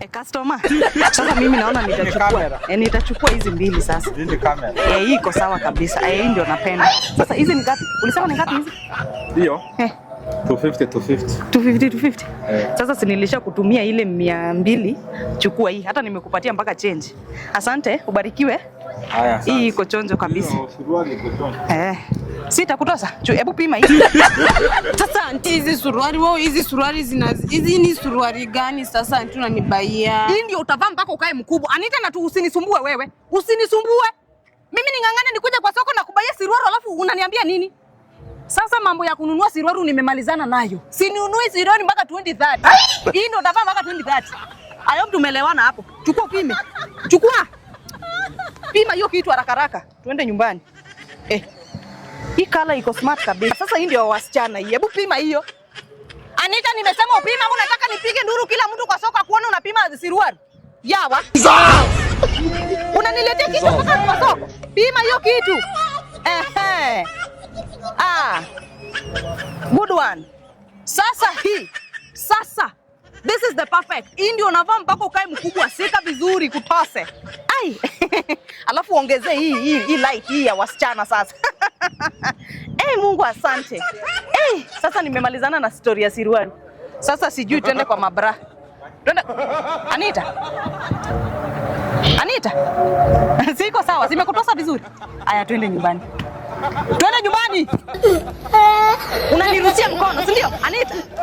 E, customer. Sasa mimi naona nitachukua. E, nitachukua hizi mbili sasa. Hizi kamera. Eh, iko sawa kabisa. Eh, ndio napenda. Sasa hizi ni ngapi? Ulisema ni ngapi hizi? Ndio. Eh. 250 250. 250 250. Eh. Sasa si nilisha kutumia ile 200, chukua hii. Hata nimekupatia mpaka change. Asante, ubarikiwe. Haya, asante. Hii iko chonjo kabisa. Suruali iko chonjo. Eh. Sitakutosa. Hebu pima hii. Sasa hizi suruali wao, hizi suruali zina hizi ni suruali gani sasa? Tunanibaia hii ndio utavaa mpaka ukae mkubwa. Anita na tu, usinisumbue wewe, usinisumbue mimi. Ning'ang'ane nikuja kwa soko na kubaia suruali, alafu unaniambia nini? Sasa mambo ya kununua suruali nimemalizana nayo, sinunui suruali mpaka 2030. Hii ndio utavaa mpaka 2030. ayo, hope tumeelewana hapo. Chukua pime, chukua pima hiyo kitu haraka haraka, tuende nyumbani eh. Hii kala iko smart kabisa. Sasa hii ndio wasichana hii. Hebu pima hiyo. Anita, nimesema upima au nataka nipige nduru kila mtu kwa soka kuona unapima siruari. Yawa. Unaniletea kitu mpaka kwa soko. Pima hiyo kitu. Ehe. Ah. Good one. Sasa hii. Sasa. This is the perfect. Hii ndio unavaa mpaka ukae mkubwa, sika vizuri kupase. Ai. Alafu ongezee hii hii hii light hii ya wasichana sasa. Eh, asante. Hey, eh, sasa nimemalizana na story ya Sirwan. Sasa sijui twende kwa mabra. Twende. Anita. Anita. Siko sawa, simekutosa vizuri. Aya, twende nyumbani. Twende nyumbani. Unanirushia mkono, si ndio? Anita.